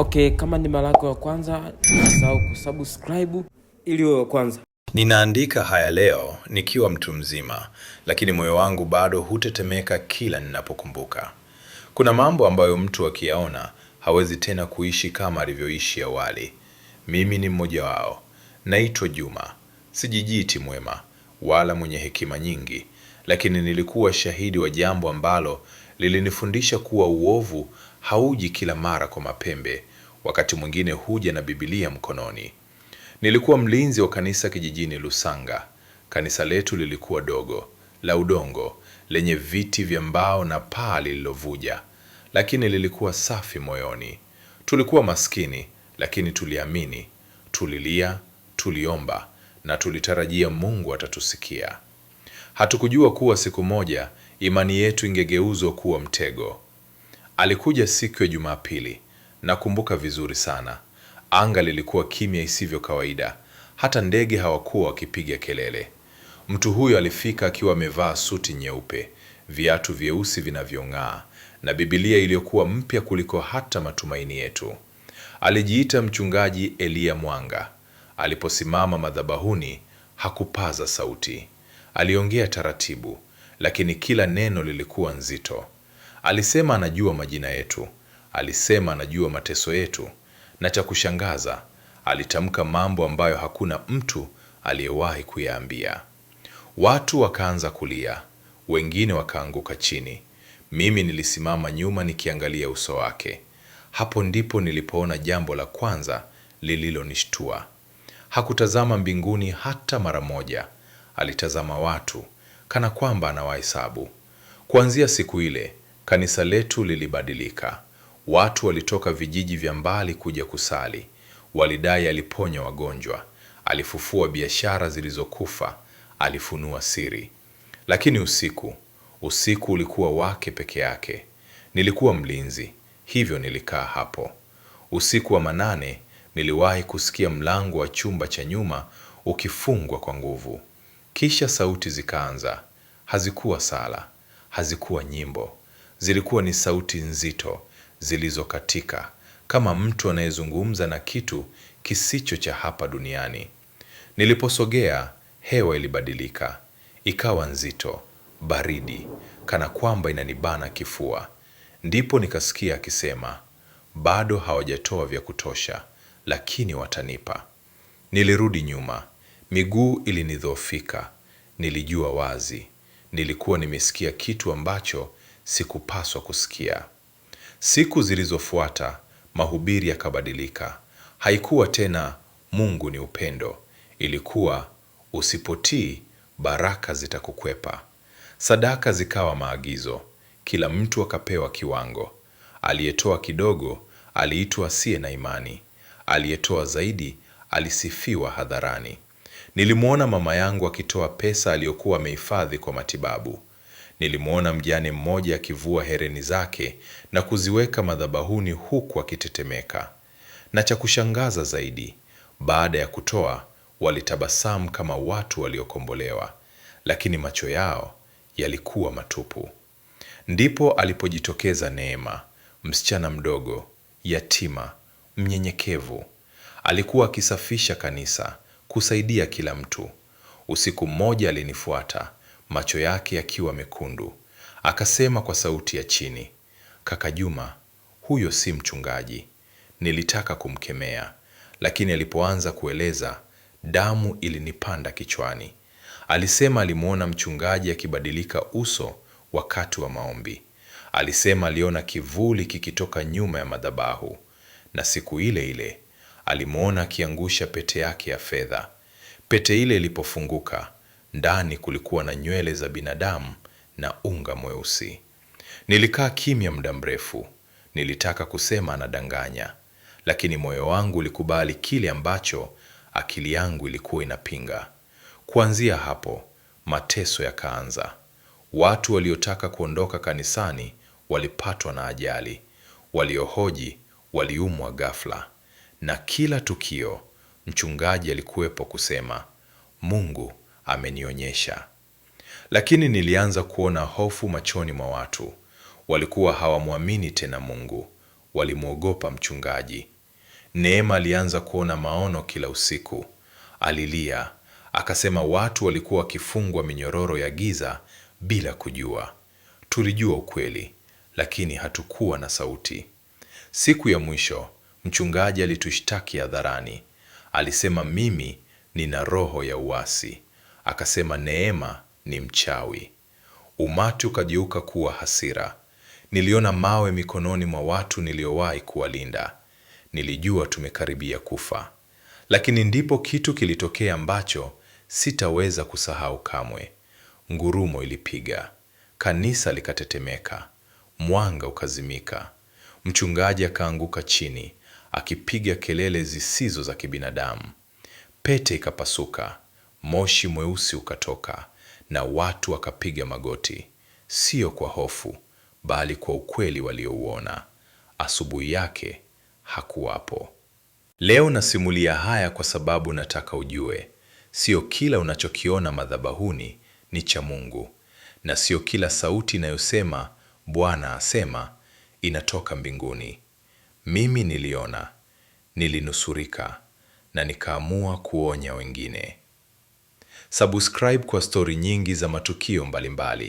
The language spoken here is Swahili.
Okay, kama ni mara yako ya kwanza, usisahau kusubscribe ili uwe wa kwanza. Ninaandika haya leo nikiwa mtu mzima, lakini moyo wangu bado hutetemeka kila ninapokumbuka. Kuna mambo ambayo mtu akiyaona hawezi tena kuishi kama alivyoishi awali. Mimi ni mmoja wao. Naitwa Juma, sijijiti mwema wala mwenye hekima nyingi, lakini nilikuwa shahidi wa jambo ambalo lilinifundisha kuwa uovu hauji kila mara kwa mapembe, wakati mwingine huja na bibilia mkononi. Nilikuwa mlinzi wa kanisa kijijini Lusanga. Kanisa letu lilikuwa dogo la udongo lenye viti vya mbao na paa lililovuja, lakini lilikuwa safi moyoni. Tulikuwa maskini, lakini tuliamini, tulilia, tuliomba na tulitarajia Mungu atatusikia. Hatukujua kuwa siku moja imani yetu ingegeuzwa kuwa mtego. Alikuja siku ya Jumapili, nakumbuka vizuri sana. Anga lilikuwa kimya isivyo kawaida, hata ndege hawakuwa wakipiga kelele. Mtu huyo alifika akiwa amevaa suti nyeupe, viatu vyeusi vinavyong'aa na Biblia iliyokuwa mpya kuliko hata matumaini yetu. Alijiita Mchungaji Eliya Mwanga. Aliposimama madhabahuni, hakupaza sauti. Aliongea taratibu, lakini kila neno lilikuwa nzito. Alisema anajua majina yetu, alisema anajua mateso yetu, na cha kushangaza alitamka mambo ambayo hakuna mtu aliyewahi kuyaambia. Watu wakaanza kulia, wengine wakaanguka chini. Mimi nilisimama nyuma nikiangalia uso wake. Hapo ndipo nilipoona jambo la kwanza lililonishtua. Hakutazama mbinguni hata mara moja, alitazama watu kana kwamba anawahesabu. Kuanzia siku ile Kanisa letu lilibadilika. Watu walitoka vijiji vya mbali kuja kusali. Walidai aliponya wagonjwa, alifufua biashara zilizokufa, alifunua siri. Lakini usiku, usiku ulikuwa wake peke yake. Nilikuwa mlinzi, hivyo nilikaa hapo. Usiku wa manane, niliwahi kusikia mlango wa chumba cha nyuma ukifungwa kwa nguvu. Kisha sauti zikaanza. Hazikuwa sala, hazikuwa nyimbo, Zilikuwa ni sauti nzito zilizokatika, kama mtu anayezungumza na kitu kisicho cha hapa duniani. Niliposogea, hewa ilibadilika, ikawa nzito, baridi, kana kwamba inanibana kifua. Ndipo nikasikia akisema, bado hawajatoa vya kutosha, lakini watanipa. Nilirudi nyuma, miguu ilinidhoofika. Nilijua wazi nilikuwa nimesikia kitu ambacho sikupaswa kusikia. Siku zilizofuata mahubiri yakabadilika. Haikuwa tena Mungu ni upendo, ilikuwa usipotii baraka zitakukwepa. Sadaka zikawa maagizo, kila mtu akapewa kiwango. Aliyetoa kidogo aliitwa asiye na imani, aliyetoa zaidi alisifiwa hadharani. Nilimwona mama yangu akitoa pesa aliyokuwa amehifadhi kwa matibabu. Nilimwona mjane mmoja akivua hereni zake na kuziweka madhabahuni huku akitetemeka. Na cha kushangaza zaidi, baada ya kutoa, walitabasamu kama watu waliokombolewa, lakini macho yao yalikuwa matupu. Ndipo alipojitokeza Neema, msichana mdogo, yatima, mnyenyekevu. Alikuwa akisafisha kanisa, kusaidia kila mtu. Usiku mmoja alinifuata macho yake yakiwa mekundu. Akasema kwa sauti ya chini, kaka Juma, huyo si mchungaji. Nilitaka kumkemea, lakini alipoanza kueleza, damu ilinipanda kichwani. Alisema alimwona mchungaji akibadilika uso wakati wa maombi. Alisema aliona kivuli kikitoka nyuma ya madhabahu, na siku ile ile alimwona akiangusha pete yake ya fedha. Pete ile ilipofunguka ndani kulikuwa na nywele za binadamu na unga mweusi. Nilikaa kimya muda mrefu. Nilitaka kusema anadanganya, lakini moyo wangu ulikubali kile ambacho akili yangu ilikuwa inapinga. Kuanzia hapo, mateso yakaanza. Watu waliotaka kuondoka kanisani walipatwa na ajali, waliohoji waliumwa ghafla, na kila tukio mchungaji alikuwepo kusema Mungu amenionyesha. Lakini nilianza kuona hofu machoni mwa watu. Walikuwa hawamwamini tena Mungu, walimwogopa mchungaji. Neema alianza kuona maono kila usiku. Alilia akasema, watu walikuwa wakifungwa minyororo ya giza bila kujua. Tulijua ukweli, lakini hatukuwa na sauti. Siku ya mwisho mchungaji alitushtaki hadharani. Alisema, mimi nina roho ya uasi akasema Neema ni mchawi. Umati ukageuka kuwa hasira. Niliona mawe mikononi mwa watu niliowahi kuwalinda. Nilijua tumekaribia kufa, lakini ndipo kitu kilitokea ambacho sitaweza kusahau kamwe. Ngurumo ilipiga, kanisa likatetemeka, mwanga ukazimika, mchungaji akaanguka chini akipiga kelele zisizo za kibinadamu, pete ikapasuka, Moshi mweusi ukatoka na watu wakapiga magoti, sio kwa hofu, bali kwa ukweli waliouona. Asubuhi yake hakuwapo. Leo nasimulia haya kwa sababu nataka ujue, sio kila unachokiona madhabahuni ni cha Mungu, na sio kila sauti inayosema Bwana asema inatoka mbinguni. Mimi niliona, nilinusurika na nikaamua kuonya wengine. Subscribe kwa stori nyingi za matukio mbalimbali.